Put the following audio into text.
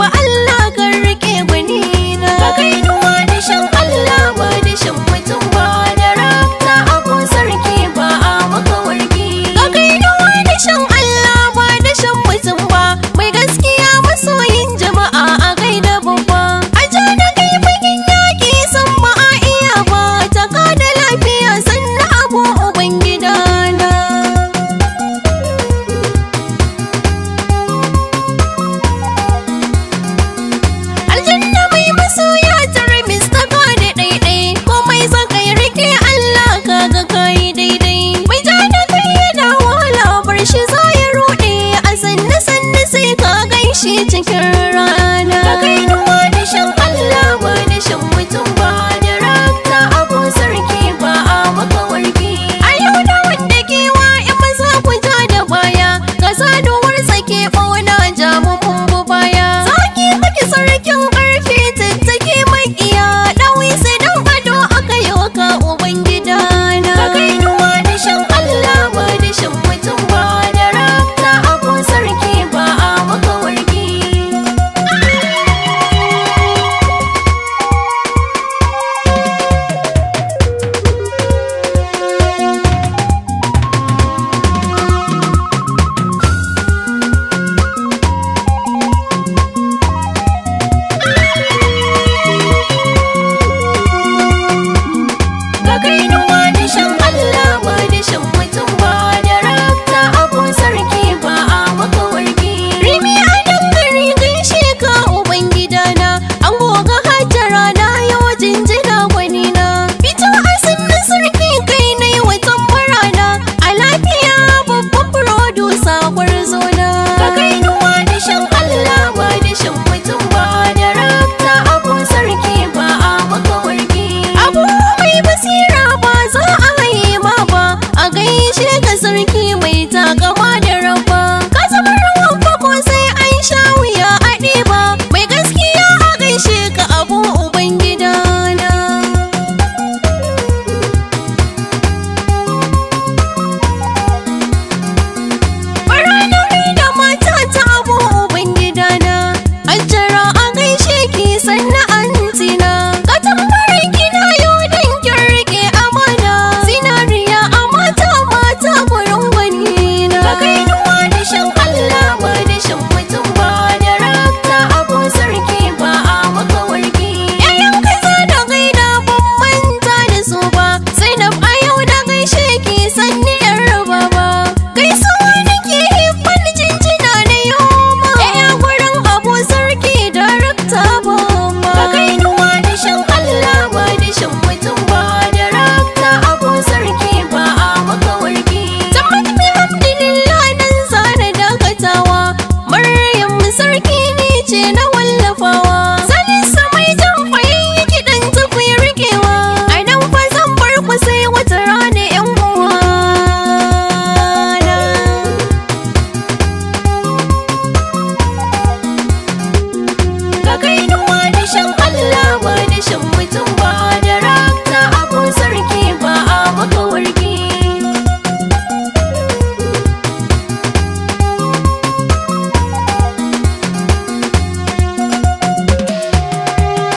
ba Allah sai ka gaishe cikin rana ka kai da shan Allah da shan mutum ba ce na wallafawa